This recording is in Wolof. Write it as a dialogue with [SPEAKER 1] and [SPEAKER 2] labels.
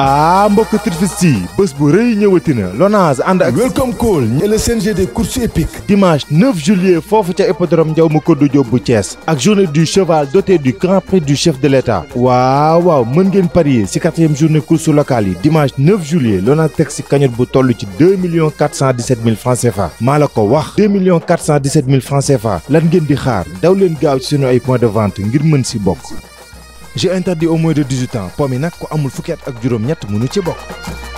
[SPEAKER 1] ah mbokk trifiste yi bés bu rëy ñëwati na LONASE ànd ak welcome call et le CNG des courses hippiques dimanche 9 juillet foofu ca hippodrome Ndiaw Macodou Diop bu Thiès ak journée du cheval doté du grand prix du chef de l'État waaw waaw mën ngeen parier si quatrième journée course locale yi dimanche 9 juillet teg si cagnotte bu toll ci 2 millions 417 mille francs CFA maa la ko wax 2 millions 417 mille francs CFA lan ngeen di xaar daw leen gaaw ci sunu ay points de vente ngir mën si bokk j'ai interdit au moins de 18 ans po mi nag ku amul fukki ak juróom-ñett mënu ci bokk.